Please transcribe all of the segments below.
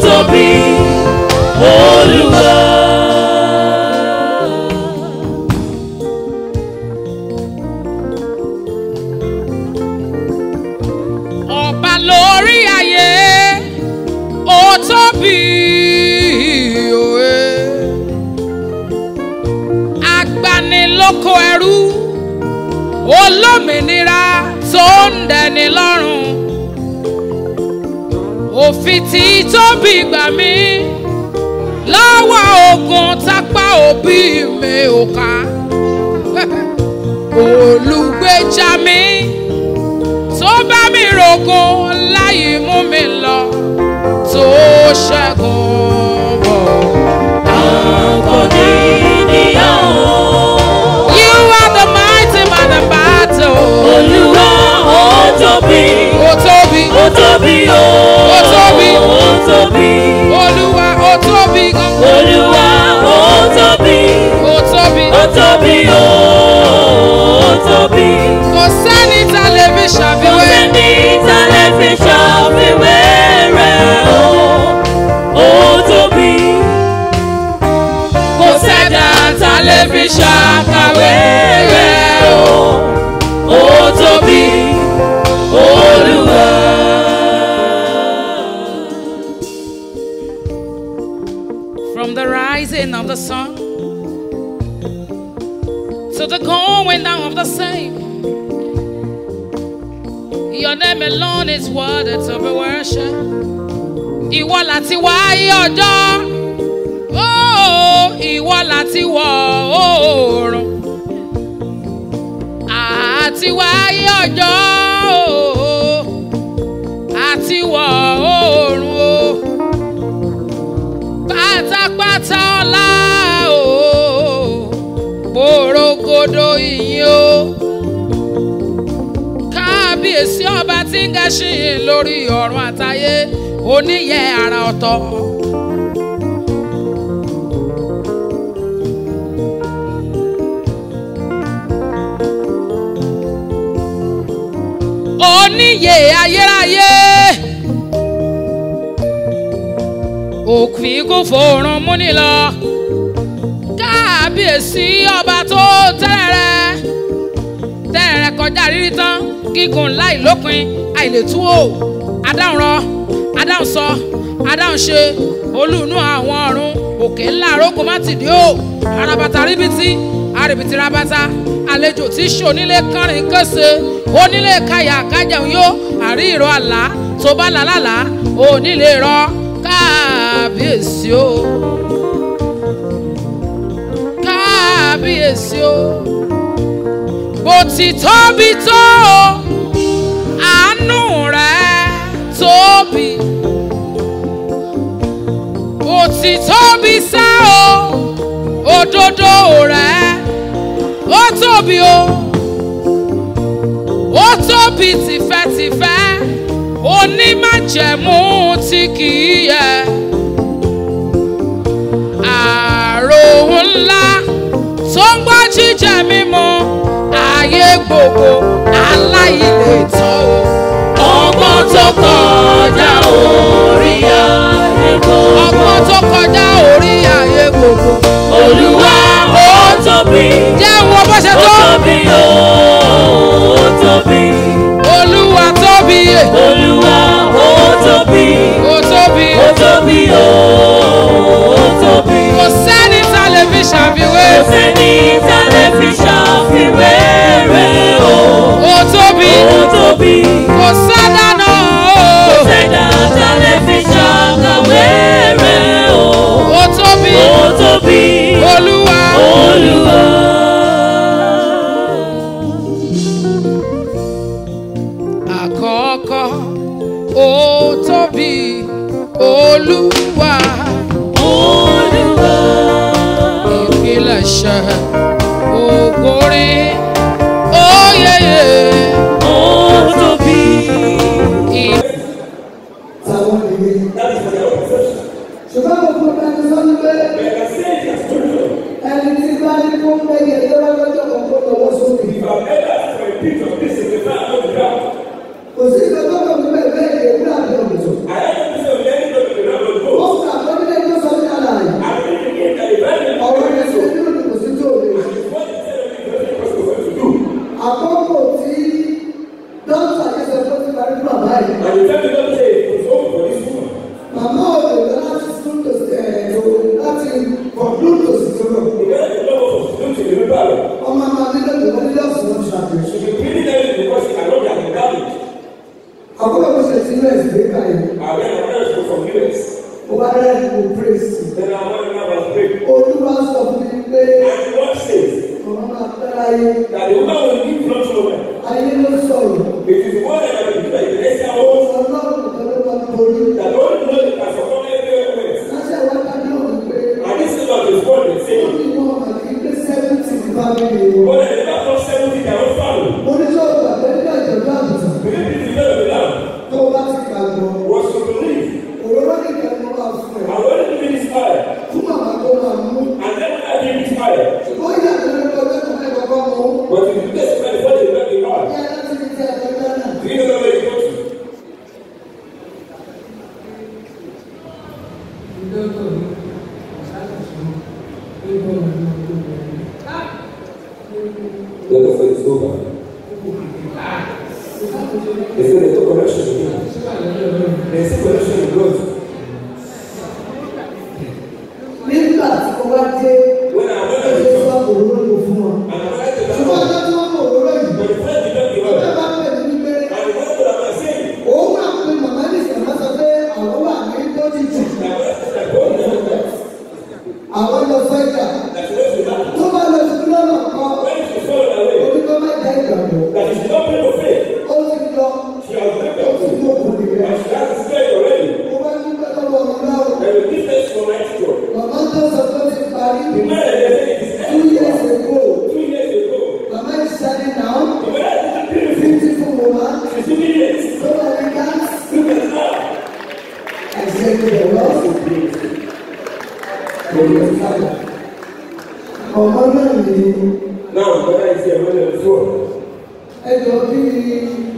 tóbi olúwa. ọba lórí ayé ó tóbi òye agbanilóko ẹrú olómìnira tó ń dẹni lọ́rùn òfin tí tóbi gbà mí lọ́wọ́ ogun tápá òbí mi ò ká olùgbèjà mi tó bá mi rògùn láyé mú mi lọ tó ṣẹ́gun. alone is worthy to be worshipped. Ìwọ lati wa ayé ọjọ́, oh, ìwọ lati wọ oòrùn. Àti wa ayé ọjọ́, àti wọ oòrùn. Pátápátá ọlá. tí ń gẹṣin lórí ọ̀run àtayé oníyẹ ara ọ̀tọ̀. oníyè ayérayé òkùn kún fòrùn múnilọ káàbíyèsí ọba tó tẹ́lẹ̀ rẹ̀ tẹ́ ẹ rẹ kọjá rírí tán gígùn láì lópin àìlètúwò adáhùn rọ adáhùn sọ adáhùn ṣe olùnú àwọn ọ̀run òkè ńlá àrókò má ti dé arabata ríbitì arìbìtì rabata àlejò tí ṣe onílé kánrin kése onílé káyà kájẹun yó àrí ìrọ àlá tó bá làlálà onílé rọ kábíyèsí o kábíyèsí o bó ti tóbi tó àánú rẹ̀ tóbi bó ti tóbi sá o òdodo rẹ̀ ó tóbi o ó tóbi tìfẹ́tìfẹ́ onímájẹ̀mú tí kì í yẹ àrò ńlá tó ń gbọ́ jíjẹ mímu ayé gbogbo aláìlè tán o. ọgbọ́n tó kọjá orí ayé gbogbo. ọgbọ́n tó kọjá orí ayé gbogbo. olúwa ó tóbi. jẹ́ wọ́n bó ṣe tó. ó tóbi ó tóbi. olúwa tóbi. olúwa ó tóbi. ó tóbi. ó tóbi. fi ṣàfiwé. be sẹ́ni tá Because maravilhoso. ẹ̀yẹ sáyà. Ọmọ náà ni. Náà bọ́lá ìṣe ẹ̀mọ́lẹ̀ fún ọ. Ẹ jọ kí ni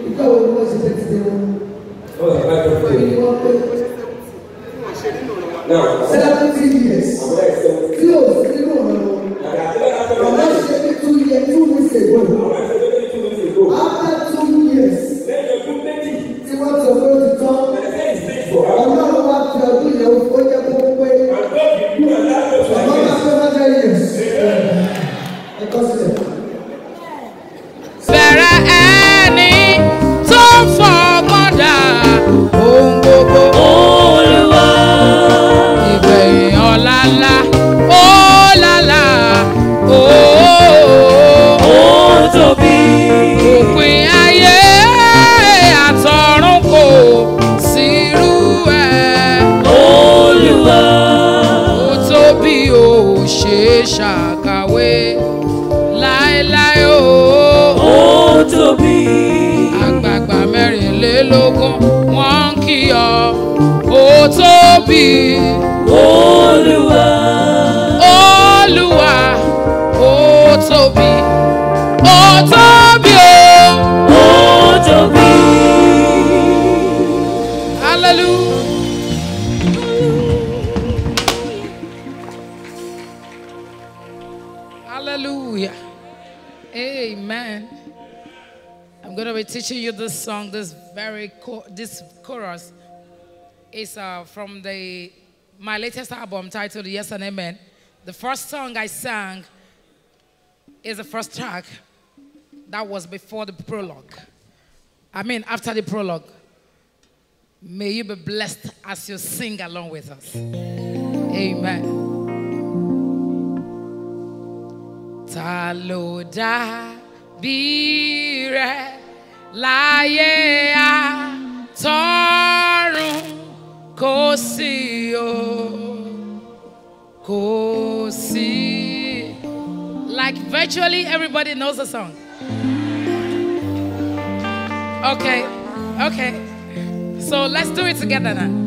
ìtọ́wọ́ ni wọ́n ṣe tẹ́tí wọn. Hallelujah. Amen. I'm going to be teaching you this song, this very this chorus. is uh, from the my latest album titled Yes and Amen. The first song I sang is the first track that was before the prologue. I mean, after the prologue. May you be blessed as you sing along with us. Amen. ta ló dàbí rẹ láyé kosi, kò kosi. o Like virtually everybody knows the song. Okay, okay. So let's do it together now.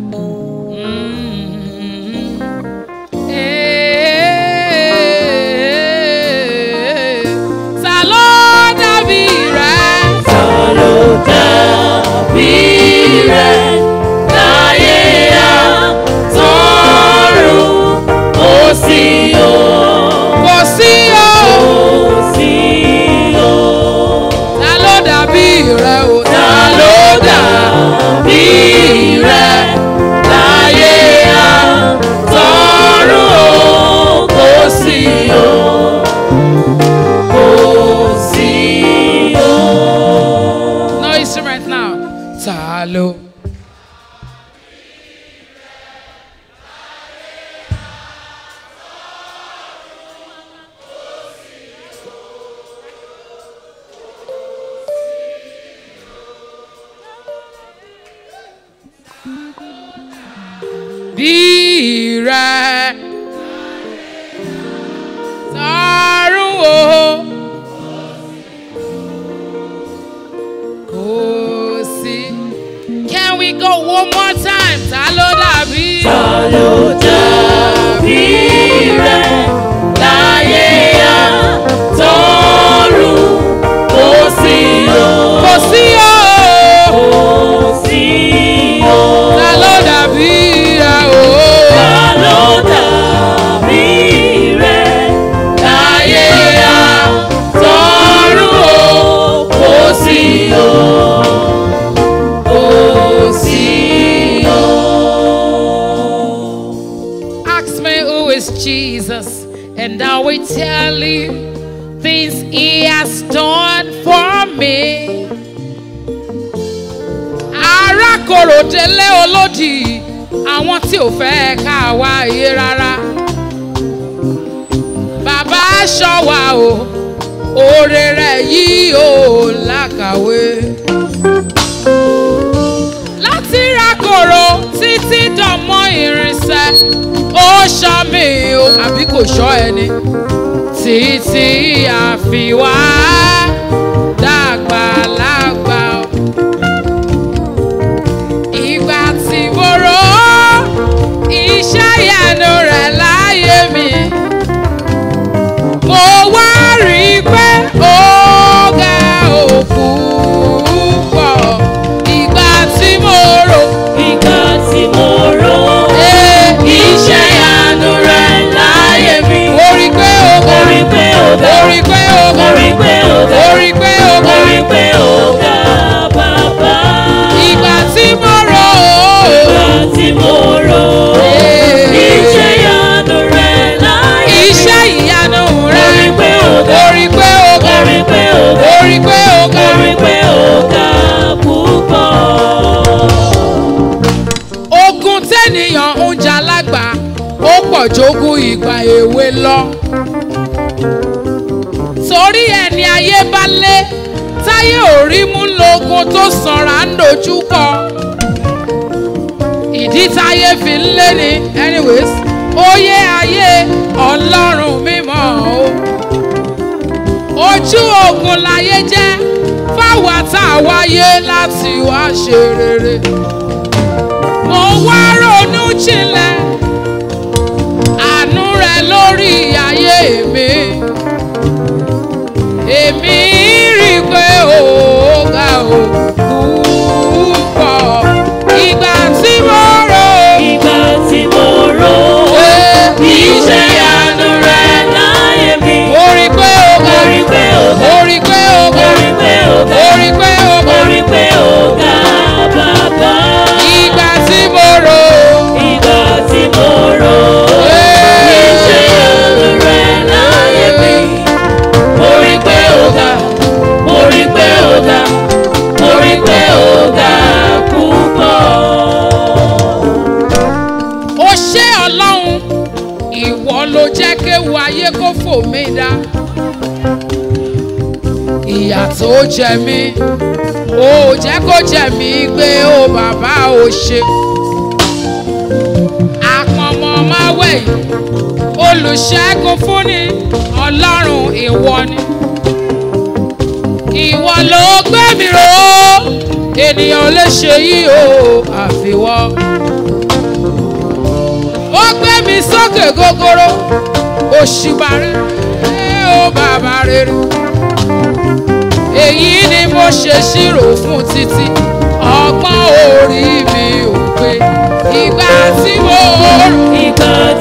Hello. Dire. Sorrow. go one more time. Ta ló dàbí? Ta kò ṣọ́ ẹni títí àfiwá dàgbà lágbà ìgbà tí mo rò iṣẹ́ ìyanu rẹ̀. o ga mo rí pé o mo rí pé o ga mo rí pé o ga mo rí pé o ga bàbá. ìgbà tí mo rò ó ìgbà tí mo rò ó iṣẹ́ ìyanu rẹ láyé iṣẹ́ ìyanu rẹ mo rí pé o ga mo rí pé o ga mo rí pé o ga mo rí pé o ga mo rí pé o ga púpọ̀. ogun tẹ́nìyàn ń jà ó pọ̀ jogún ìgbà. ohun tó sanra ń dojú kọ ìdí táyé fi ń lé ní anyways oyè ayé ọlọ́run mímọ́ o ojú ogun láyé jẹ́ fáwa tá a láti wá ṣe rere. ló jẹ́ kéwu ayé kó fò mí dá. ìyà tó jẹ mí ò jẹ́ kó jẹ mí gbé o bàbá o ṣe. àpọ̀mọ̀ máa wẹ̀yìn olùṣègùn fúnni ọlọ́run ìwọ ni. ìwọ ló gbé mi ènìyàn lè ṣe yìí o àfiwọ́ mi sókè gogoro, òṣìbàrẹ ẹ ó bàbá rere èyí ni mo ṣe ṣírò fún títí ọgbọ́n orí mi ò pé ìgbà tí mo rò.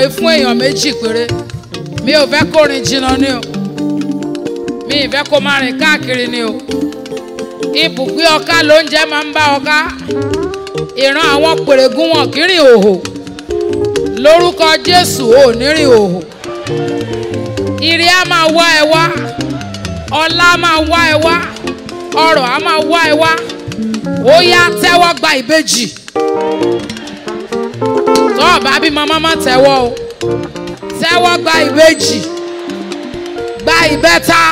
yìí fún èèyàn méjì péré mi ò fẹ́ kó ni o mi ì fẹ́ kó káàkiri ni o ibùgbé ọká lóúnjẹ máa ń bá ọká ìran àwọn pèrègùn wọn kì í rìn òhò lórúkọ Jésù ò ní rìn òhò á máa wá ẹ wá ọlá máa wá ẹ wá ọrọ̀ á gba ìbejì. tó ọba bí mama má tẹ́wọ́ o tẹ́wọ́ gba ìbejì gba ìbẹ́ta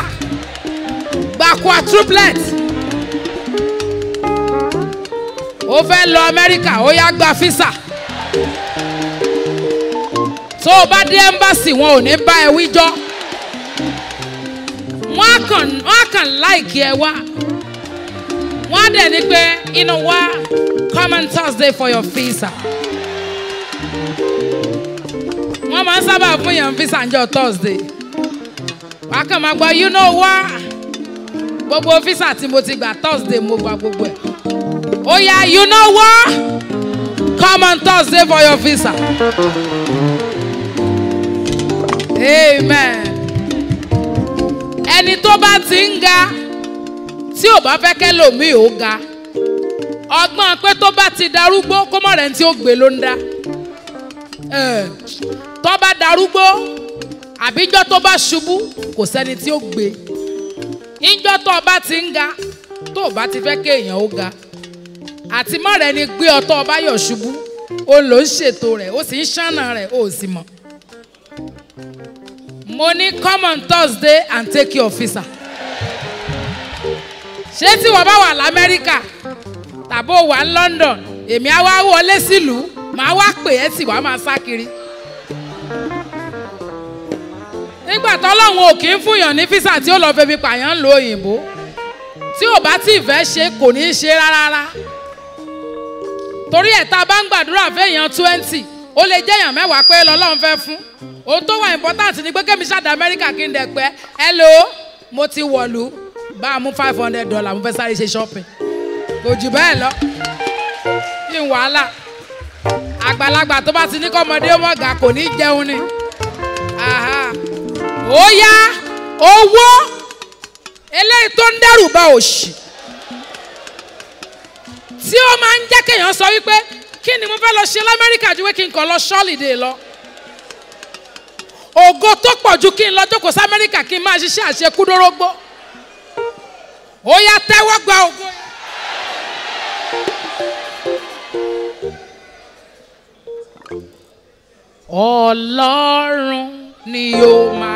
gba quadruplet ó fẹ́ lọ Amẹ́ríkà ó yá gba físà tó o bá dé ẹ́mbàsì wọn ò ní bá ẹ wíjọ́ wọ́n á kàn wọ́n á kàn láìkí ẹ wá wọ́n á dẹ̀ ní pé inú wa come on Thursday for your visa wọ́n máa ń sábà fún yàn visa ǹjọ́ Thursday wàá kàn máa gbọ́ you know wá gbogbo visa tí mo ti gbà Thursday mo gba gbogbo ẹ̀ ó yá you know wá come on Thursday for your visa amen ẹni tó bá ti ń ga tí ò bá fẹ́ kẹ́lòmíì ó ga ọgbọ́n pé tó bá ti darúgbó kó mọ̀ rẹ̀ tí ó gbé ló ń dá. Uh tó bá darúgbó àbíjọ́ tó bá ṣubú kò sẹ́ni tí ó gbé níjọ́ tó o ti ń ga tó o ti fẹ́ kéèyàn ó ga àti mọ́ ni gbé ọ tó yọ̀ ṣubú o lò ń ṣètò rẹ̀ o sì ń ṣànà rẹ̀ o sì mọ̀ mo ní come on Thursday and take your visa ṣé tí wọ́n bá wà l'Amẹ́ríkà tàbí ó wà London èmi á wá wọlé sílùú màá wá pè é tí wàá máa sá kiri nígbà tọ́lọ́run ò kì fúnyàn ní físà tí ó lọ febi pààyàn lo òyìnbó tí ò bá tí ì fẹ́ ṣe kò ní í ṣe rárá torí ẹ̀ tá a bá ń gbàdúrà fẹ́yàn twenty ó lè jẹ́yàn mẹ́wàá pé lọ́lọ́run fẹ́ fún ohun tó wà important ni pé kémi ṣáàdà amẹ́ríkà kí n dẹ̀ pẹ́ hello mo ti wọ̀lú bá a mú five hundred dollar mo fẹ́ sáré ṣe shopping kò jù bẹ́ẹ̀ lọ kí n wàhálà àgbàlagbà tó bá ti ní kọ́mọdé ó mọ̀gà kò ní jẹun ni. Aha ó yá owó eléyìí tó ń dẹ́rù bà òṣì tí ó máa ń jẹ́ kéèyàn sọ wípé kí ni mo fẹ́ lọ ṣe lamẹ́ríkà ju pé kí n kàn lọ ṣọ́ọ̀lìdè lọ ògo tó pọ̀ ju kí n lọ jókòó sí amẹ́ríkà kí n máa ṣiṣẹ́ àṣekúdórógbó ó tẹ́wọ́ gba ògo Ọlọ́run ni ó máa.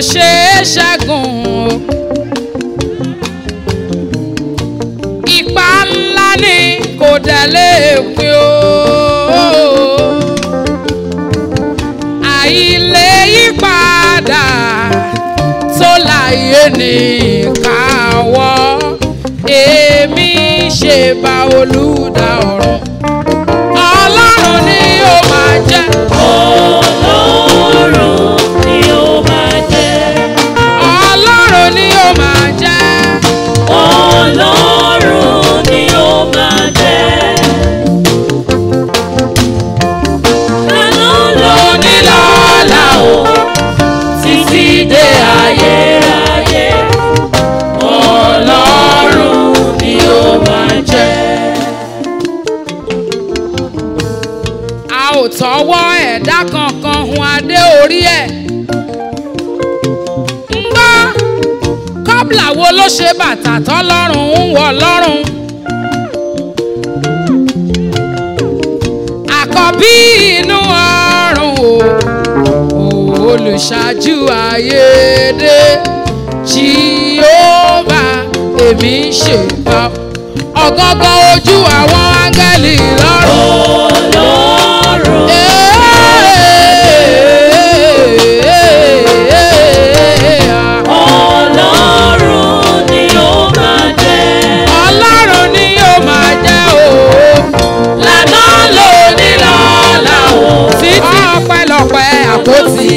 ṣeé ṣẹ́gun o. Ipa ńlá ni kò dẹ̀ lè pín o. Àìlè yípadà tó láyé nìkan wọ́ èmi ṣe bá olùdó. kankan hun adé orí ẹ̀. ń gbọ́ kọ́bùlà wo ló ṣe bàtà tán lọ́rùn ń wọ̀ lọ́rùn. àkọ́bí inú ọrùn o olùṣáájú ayédè jíhóbà èmi ń ṣègbà ọgọ́gọ́ ojú àwọn áńgẹ́lì lọ́rùn. olóòrùn. àpótí.